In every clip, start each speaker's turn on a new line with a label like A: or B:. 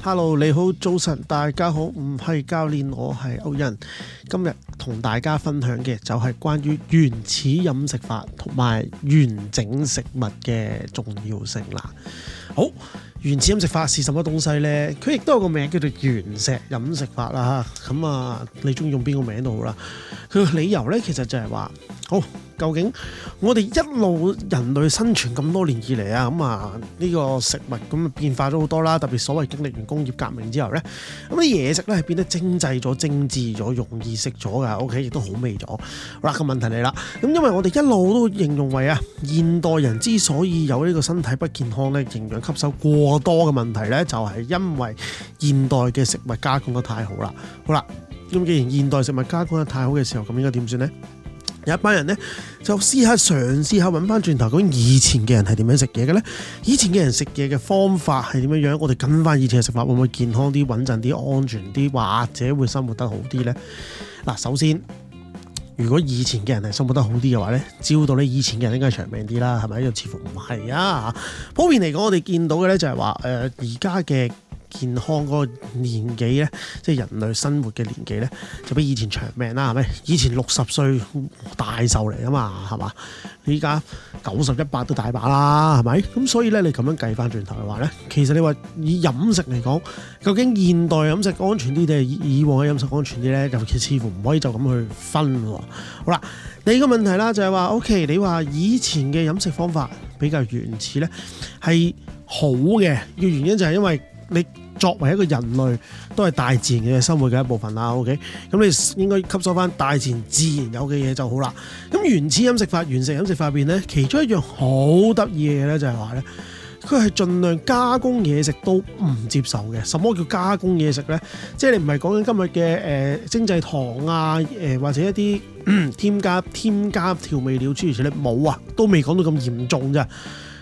A: Hello，你好，早晨，大家好，唔係教練，我係 Owen。今日同大家分享嘅就係關於原始飲食法同埋完整食物嘅重要性啦。好，原始飲食法是什麼東西呢？佢亦都有個名叫做原石飲食法啦。咁啊，你中意用邊個名都好啦。佢個理由呢，其實就係話好。究竟我哋一路人類生存咁多年以嚟啊，咁啊呢個食物咁啊變化咗好多啦，特別所謂經歷完工業革命之後呢，咁啲嘢食呢係變得精製咗、精緻咗、容易食咗㗎，OK，亦都好味咗。嗱，個問題嚟啦，咁因為我哋一路都形容為啊，現代人之所以有呢個身體不健康咧、營養吸收過多嘅問題呢，就係因為現代嘅食物加工得太好啦。好啦，咁既然現代食物加工得太好嘅時候，咁應該點算呢？有一班人呢，就試下嘗試下揾翻轉頭，講以前嘅人係點樣食嘢嘅呢？以前嘅人食嘢嘅方法係點樣樣？我哋跟翻以前嘅食物，會唔會健康啲、穩陣啲、安全啲，或者會生活得好啲呢？嗱，首先，如果以前嘅人係生活得好啲嘅話呢，招到咧，以前嘅人應該長命啲啦，係咪？呢，似乎唔係啊。普遍嚟講，我哋見到嘅呢，就係話，誒而家嘅。健康嗰個年紀呢，即係人類生活嘅年紀呢，就比以前長命啦，係咪？以前六十歲大壽嚟啊嘛，係嘛？依家九十一百都大把啦，係咪？咁所以呢，你咁樣計翻轉頭嘅話呢，其實你話以飲食嚟講，究竟現代飲食安全啲定係以往嘅飲食安全啲呢？尤其似乎唔可以就咁去分喎。好啦，第二個問題啦，就係話，OK，你話以前嘅飲食方法比較原始呢，係好嘅，個原因就係因為。你作為一個人類，都係大自然嘅生活嘅一部分啦。OK，咁你應該吸收翻大自然自然有嘅嘢就好啦。咁原始飲食法、原始飲食法入面咧，其中一樣好得意嘅嘢咧，就係話咧，佢係盡量加工嘢食都唔接受嘅。什麼叫加工嘢食咧？即係你唔係講緊今日嘅誒精製糖啊，誒、呃、或者一啲添加添加調味料諸如此類你冇啊，都未講到咁嚴重咋？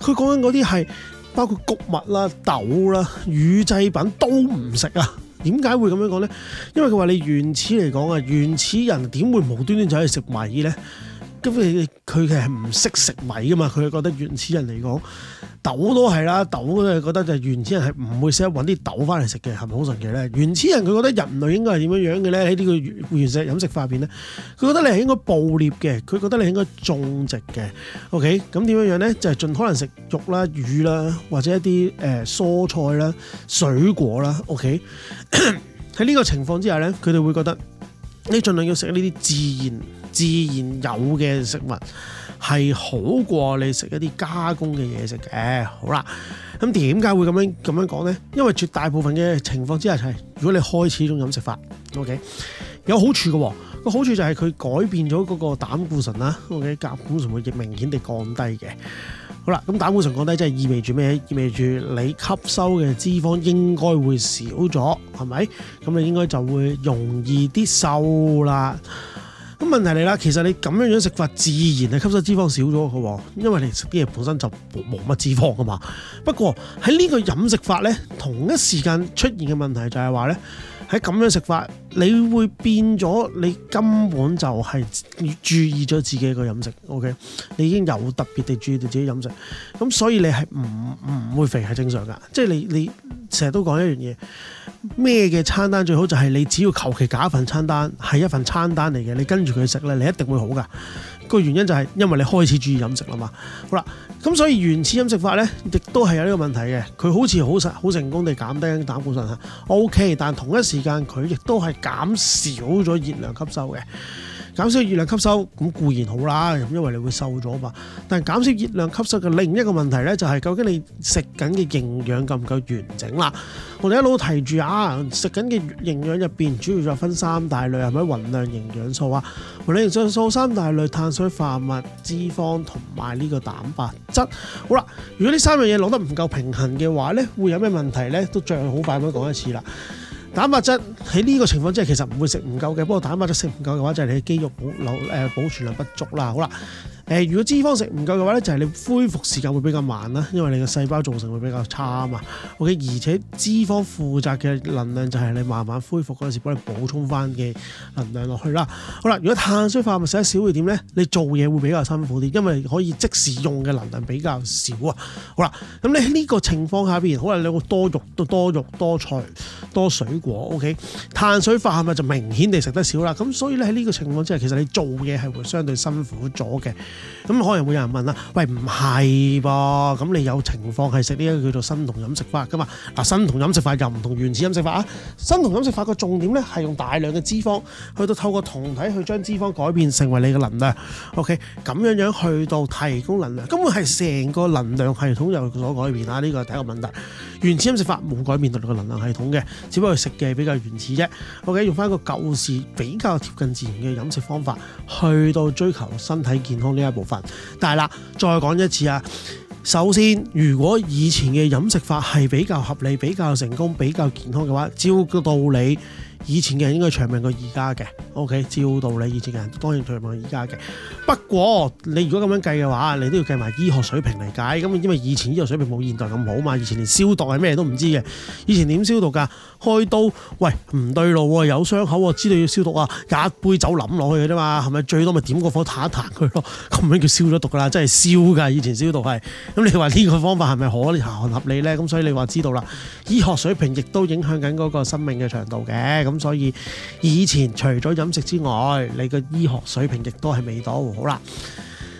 A: 佢講緊嗰啲係。包括穀物啦、豆啦、乳製品都唔食啊！點解會咁樣講呢？因為佢話你原始嚟講啊，原始人點會無端端走去食米呢？咁佢佢佢係唔識食米噶嘛？佢係覺得原始人嚟講。豆都係啦，豆都係覺得就原始人係唔會識得揾啲豆翻嚟食嘅，係咪好神奇咧？原始人佢覺得人類應該係點樣樣嘅咧？喺呢個原原始人飲食法入面咧，佢覺得你係應該捕獵嘅，佢覺得你應該種植嘅。OK，咁點樣樣咧？就係、是、盡可能食肉啦、魚啦，或者一啲誒、呃、蔬菜啦、水果啦。OK，喺呢 個情況之下咧，佢哋會覺得你盡量要食呢啲自然自然有嘅食物。係好過你食一啲加工嘅嘢食嘅，好啦。咁點解會咁樣咁樣講呢？因為絕大部分嘅情況之下就係、是，如果你開始呢種飲食法，OK，有好處嘅、哦。個好處就係佢改變咗嗰個膽固醇啦，我嘅膽固醇會極明顯地降低嘅。好啦，咁膽固醇降低即係意味住咩？意味住你吸收嘅脂肪應該會少咗，係咪？咁你應該就會容易啲瘦啦。咁問題嚟啦，其實你咁樣樣食法，自然係吸收脂肪少咗㗎喎，因為你食啲嘢本身就冇乜脂肪㗎嘛。不過喺呢個飲食法咧，同一時間出現嘅問題就係話咧，喺咁樣食法，你會變咗你根本就係注意咗自己個飲食。OK，你已經有特別地注意到自己飲食，咁所以你係唔唔會肥係正常㗎。即係你你成日都講一樣嘢。咩嘅餐單最好？就係你只要求其揀一份餐單，係一份餐單嚟嘅，你跟住佢食咧，你一定會好噶。個原因就係因為你開始注意飲食啦嘛。好啦，咁所以原始飲食法呢，亦都係有呢個問題嘅。佢好似好成好成功地減低膽固醇，吓 O K，但同一時間佢亦都係減少咗熱量吸收嘅。減少熱量吸收咁固然好啦，咁因為你會瘦咗嘛。但係減少熱量吸收嘅另一個問題呢，就係、是、究竟你食緊嘅營養夠唔夠完整啦？我哋一路提住啊，食緊嘅營養入邊主要就分三大類係咪？宏量營養素啊，宏量營養素三大類碳水化合物、脂肪同埋呢個蛋白質。好啦，如果呢三樣嘢攞得唔夠平衡嘅話呢，會有咩問題呢？都著好快咁講一次啦。蛋白質喺呢個情況之下其實唔會食唔夠嘅，不過蛋白質食唔夠嘅話就係、是、你嘅肌肉保留誒、呃、保存量不足啦，好啦。誒、呃，如果脂肪食唔夠嘅話咧，就係、是、你恢復時間會比較慢啦，因為你個細胞造成會比較差啊嘛。OK，而且脂肪負責嘅能量就係你慢慢恢復嗰陣時幫你補充翻嘅能量落去啦。好啦，如果碳水化合物食得少會點咧？你做嘢會比較辛苦啲，因為可以即時用嘅能量比較少啊。好啦，咁你喺呢個情況下邊，好啦，你會多肉都多肉多菜多水果，OK，碳水化合物就明顯地食得少啦。咁所以咧喺呢個情況之下，其實你做嘢係會相對辛苦咗嘅。咁可能會有人問啦，喂，唔係噃，咁你有情況係食呢一個叫做生酮飲食法噶嘛？嗱，生酮飲食法又唔同原始飲食法啊。生酮飲食法個重點咧係用大量嘅脂肪去到透過酮體去將脂肪改變成為你嘅能量。OK，咁樣樣去到提供能量，根本係成個能量系統有所改變啦。呢個第一個問題。原始飲食法冇改變到你嘅能量系統嘅，只不過食嘅比較原始啫。我、okay? 哋用翻一個舊時比較貼近自然嘅飲食方法，去到追求身體健康呢一部分。但係啦，再講一次啊，首先如果以前嘅飲食法係比較合理、比較成功、比較健康嘅話，照個道理。以前嘅人應該長命過而家嘅，OK？照道理，以前嘅人當然長命過而家嘅。不過你如果咁樣計嘅話，你都要計埋醫學水平嚟解。咁因為以前醫學水平冇現代咁好嘛，以前連消毒係咩都唔知嘅，以前點消毒㗎？開刀，喂，唔對路喎，有傷口喎，知道要消毒啊，飲杯酒冧落去嘅啫嘛，係咪最多咪點個火彈一彈佢咯？咁樣叫消咗毒噶啦，真係消噶，以前消毒係。咁你話呢個方法係咪可行合理呢？咁所以你話知道啦，醫學水平亦都影響緊嗰個生命嘅長度嘅。咁所以以前除咗飲食之外，你個醫學水平亦都係未到。好啦。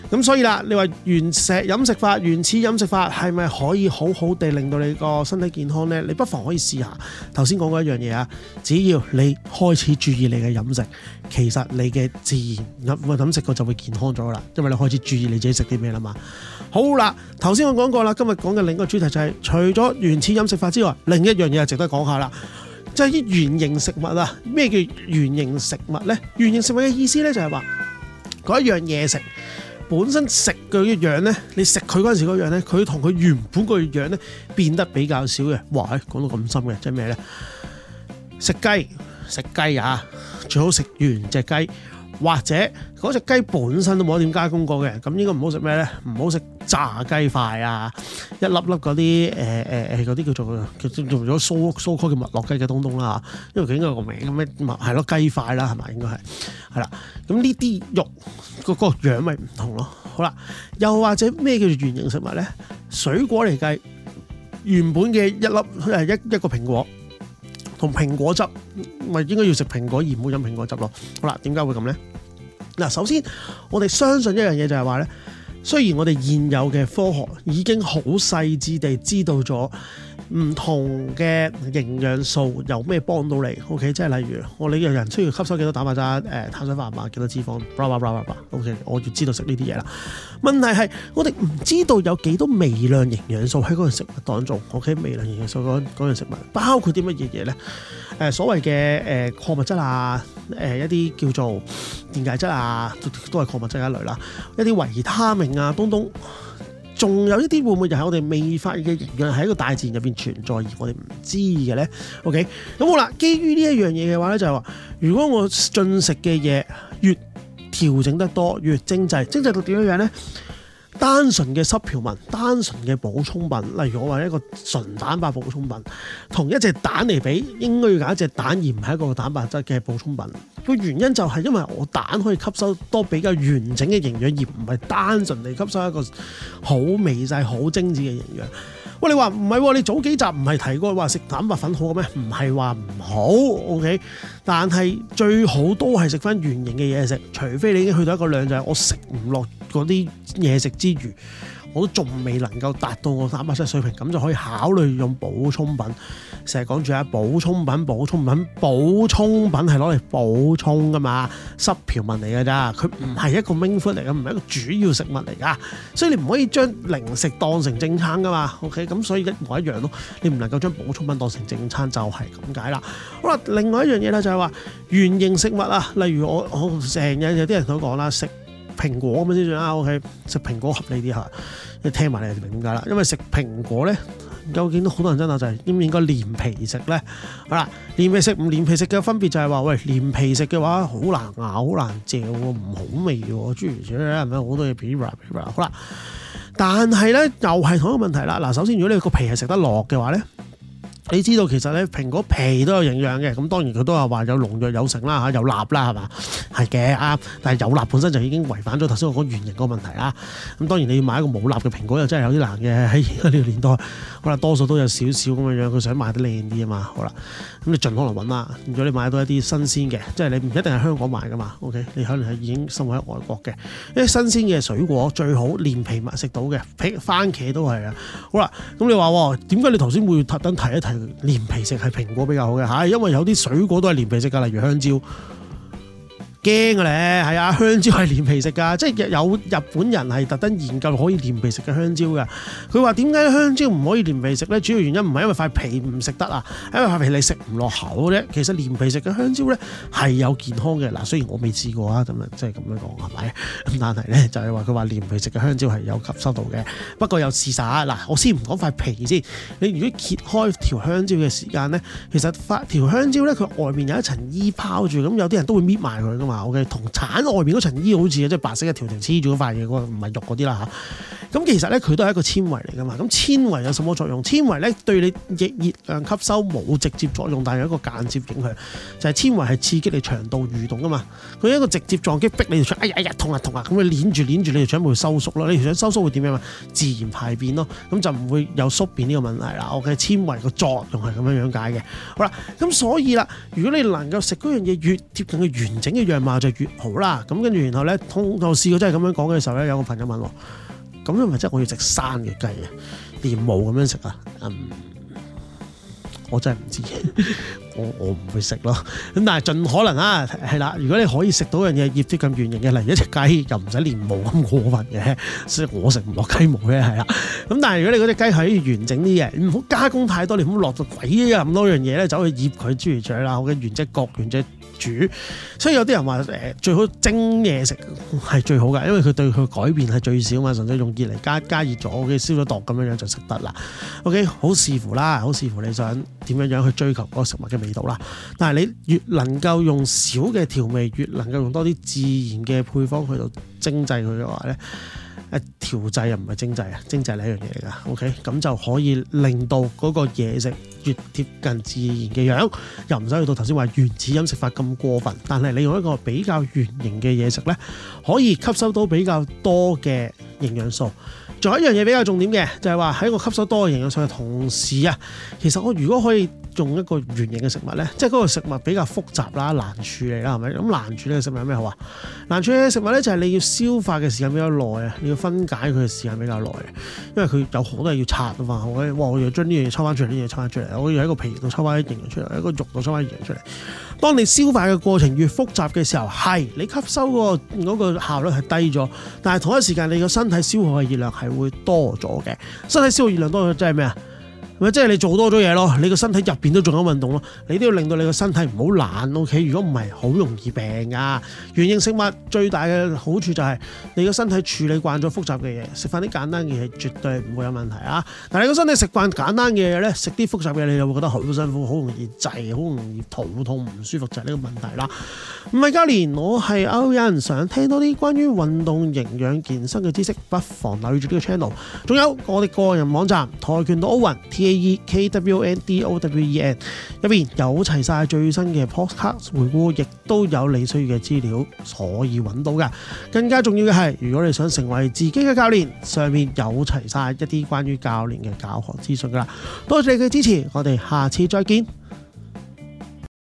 A: 咁所以啦，你話原始飲食法、原始飲食法係咪可以好好地令到你個身體健康呢？你不妨可以試下頭先講過一樣嘢啊。只要你開始注意你嘅飲食，其實你嘅自然飲食個就會健康咗啦。因為你開始注意你自己食啲咩啦嘛。好啦，頭先我講過啦，今日講嘅另一個主題就係、是、除咗原始飲食法之外，另一樣嘢值得講下啦，即係啲原形食物啊。咩叫原形食物呢？原形食物嘅意思呢、就是，就係話嗰一樣嘢食。本身食嘅一樣咧，你食佢嗰陣時嗰樣咧，佢同佢原本個樣咧變得比較少嘅。哇，係講到咁深嘅，即係咩咧？食雞食雞啊，最好食原隻雞，或者嗰隻雞本身都冇點加工過嘅。咁應該唔好食咩咧？唔好食炸雞塊啊，一粒粒嗰啲誒誒誒嗰啲叫做叫做咗 so so called 嘅麥樂雞嘅東東啦、啊、因為佢應該個名咁咩麥係咯雞塊啦係咪應該係。係啦，咁呢啲肉嗰個樣咪唔同咯。好啦，又或者咩叫做原形食物咧？水果嚟計，原本嘅一粒佢係一一個蘋果同蘋果汁，咪應該要食蘋果而唔好飲蘋果汁咯。好啦，點解會咁咧？嗱，首先我哋相信一樣嘢就係話咧，雖然我哋現有嘅科學已經好細緻地知道咗。唔同嘅營養素有咩幫到你？OK，即係例如我呢樣人需要吸收幾多蛋白質？誒、呃，碳水化合物幾多脂肪？OK，我就知道食呢啲嘢啦。問題係我哋唔知道有幾多微量營養素喺嗰樣食物當中。OK，微量營養素嗰樣食物包括啲乜嘢嘢咧？誒、呃，所謂嘅誒、呃、礦物質啊，誒、呃、一啲叫做電解質啊，都都係礦物質一類啦，一啲維他命啊東東。仲有一啲會唔會就係我哋未發現嘅營養喺一個大自然入邊存在而我哋唔知嘅咧？OK，咁好啦。基於呢一樣嘢嘅話咧，就係話如果我進食嘅嘢越調整得多，越精製，精製到點樣樣咧？單純嘅濕鈣粉、單純嘅補充品，例如我話一個純蛋白補充品，同一隻蛋嚟比，應該要揀一隻蛋而唔係一個蛋白質嘅補充品。個原因就係因為我蛋可以吸收多比較完整嘅營養，而唔係單純地吸收一個好微細、好精緻嘅營養。喂，你話唔係喎？你早幾集唔係提過話食蛋白粉好嘅咩？唔係話唔好，OK。但係最好都係食翻原型嘅嘢食，除非你已經去到一個量，就係、是、我食唔落。嗰啲嘢食之餘，我都仲未能夠達到我三百歲水平，咁就可以考慮用補充品。成日講住啊，補充品、補充品、補充品係攞嚟補充㗎嘛，濕鴨物嚟㗎咋？佢唔係一個 main food 嚟㗎，唔係一個主要食物嚟㗎，所以你唔可以將零食當成正餐㗎嘛。OK，咁所以一模一樣咯。你唔能夠將補充品當成正餐就係咁解啦。好啦，另外一樣嘢咧就係話圓形食物啊，例如我我成日有啲人都講啦，食。蘋果咁樣先算啊，OK，食蘋果合理啲嚇，啊、聽你聽埋嚟就明點解啦？因為食蘋果咧，究竟都好多人爭拗，就係應唔應該連皮食咧？好啦，連皮食唔連皮食嘅分別就係話，喂，連皮食嘅話好難咬，好難嚼喎，唔好味喎，諸如此類好多嘢皮啦皮啦？好啦，但係咧又係同一個問題啦。嗱，首先如果你個皮係食得落嘅話咧。你知道其實咧蘋果皮都有營養嘅，咁當然佢都係話有農藥有成啦嚇，有蠟啦係嘛？係嘅啱，但係有蠟本身就已經違反咗頭先我講原形個問題啦。咁當然你要買一個冇蠟嘅蘋果又真係有啲難嘅喺而家呢個年代。可能多數都有少少咁嘅樣，佢想賣得靚啲啊嘛。好啦，咁你盡可能揾啦。如果你買到一啲新鮮嘅，即係你唔一定係香港買噶嘛。OK，你可能係已經生活喺外國嘅，啲新鮮嘅水果最好連皮埋食到嘅，譬如番茄都係啊。好啦，咁你話喎點解你頭先會特登提一提？連皮食係蘋果比較好嘅，係因為有啲水果都係連皮食㗎，例如香蕉。驚嘅咧，係啊！香蕉係連皮食噶，即係有日本人係特登研究可以連皮食嘅香蕉嘅。佢話點解香蕉唔可以連皮食咧？主要原因唔係因為塊皮唔食得啊，因為塊皮你食唔落口啫。其實連皮食嘅香蕉咧係有健康嘅。嗱，雖然我未試過啊，咁樣即係咁樣講係咪？咁但係咧就係話佢話連皮食嘅香蕉係有吸收到嘅。不過又事晒，嗱，我先唔講塊皮先。你如果揭開條香蕉嘅時間咧，其實塊條香蕉咧佢外面有一層衣包住，咁有啲人都會搣埋佢。OK 同橙外面嗰層衣好似嘅，即係白色一條條黐住嗰塊嘢，嗰個唔係肉嗰啲啦嚇。咁其實咧，佢都係一個纖維嚟噶嘛。咁纖維有什麼作用？纖維咧對你嘅熱量吸收冇直接作用，但係有一個間接影響，就係纖維係刺激你腸道蠕動噶嘛。佢一個直接撞擊逼你條腸，哎呀哎呀痛啊痛啊！咁佢捏住捏住你條腸就會收縮咯。你條腸收縮會點樣啊？自然排便咯。咁就唔會有宿便呢個問題啦。我嘅纖維個作用係咁樣樣解嘅。好啦，咁所以啦，如果你能夠食嗰樣嘢越貼近佢完整嘅樣貌就越好啦。咁跟住然後咧，通我試過真係咁樣講嘅時候咧，有個朋友問我。咁係咪即係我要食生嘅雞啊？連毛咁樣食啊？嗯， 我真係唔知我我唔會食咯，咁但係盡可能啦，係啦。如果你可以食到樣嘢，醃啲咁圓形嘅，例如一隻雞，又唔使連毛咁過分嘅，所以我食唔落雞毛咧，係啦。咁但係如果你嗰隻雞係完整啲嘅，唔好加工太多，你唔好落到鬼咁、啊、多樣嘢咧，走去醃佢豬耳腸啦，我嘅原隻割原隻煮，所以有啲人話誒最好蒸嘢食係最好㗎，因為佢對佢改變係最少嘛，純粹用熱嚟加加熱咗嘅燒咗燙咁樣樣就食得啦。O.K. 好視乎啦，好視乎你想點樣樣去追求嗰個食物嘅。味道啦，但係你越能夠用少嘅調味，越能夠用多啲自然嘅配方去到精製佢嘅話咧，誒調製又唔係精製啊，精製係一樣嘢嚟㗎。OK，咁就可以令到嗰個嘢食越貼近自然嘅樣，又唔使去到頭先話原始飲食法咁過分。但係你用一個比較圓形嘅嘢食咧，可以吸收到比較多嘅營養素。仲有一樣嘢比較重點嘅，就係話喺我吸收多嘅營養素嘅同時啊，其實我如果可以用一個原形嘅食物咧，即係嗰個食物比較複雜啦、難處理啦，係咪？咁難處理嘅食物有咩好啊？難處理嘅食物咧，就係你要消化嘅時間比較耐啊，你要分解佢嘅時間比較耐啊，因為佢有好多嘢要拆啊嘛。我哇，我要將呢樣嘢抽翻出嚟，呢樣嘢抽翻出嚟，我要喺個皮度抽翻啲營養出嚟，一個肉度抽翻啲營養出嚟。當你消化嘅過程越複雜嘅時候，係你吸收嗰個嗰個效率係低咗，但係同一時間你個身體消耗嘅熱量係。會多咗嘅，身體消耗熱量多咗，即係咩啊？咪即係你做多咗嘢咯，你個身體入邊都仲有運動咯，你都要令到你個身體唔好懶，OK？如果唔係好容易病㗎。原型食物最大嘅好處就係你個身體處理慣咗複雜嘅嘢，食翻啲簡單嘅嘢絕對唔會有問題啊！但係你個身體食慣簡單嘅嘢咧，食啲複雜嘅嘢你就會覺得好辛苦，好容易滯，好容易肚痛唔舒服，就係呢個問題啦。唔係 j o 我係歐文。有人想聽多啲關於運動、營養、健身嘅知識，不妨留意住呢個 channel。仲有我哋個人網站《跆拳道歐文 TaekwonDOwen 入面有齊晒最新嘅 podcast 回顧，亦都有你需要嘅資料，所以揾到㗎。更加重要嘅係，如果你想成為自己嘅教練，上面有齊晒一啲關於教練嘅教學資訊噶啦。多謝你嘅支持，我哋下次再見。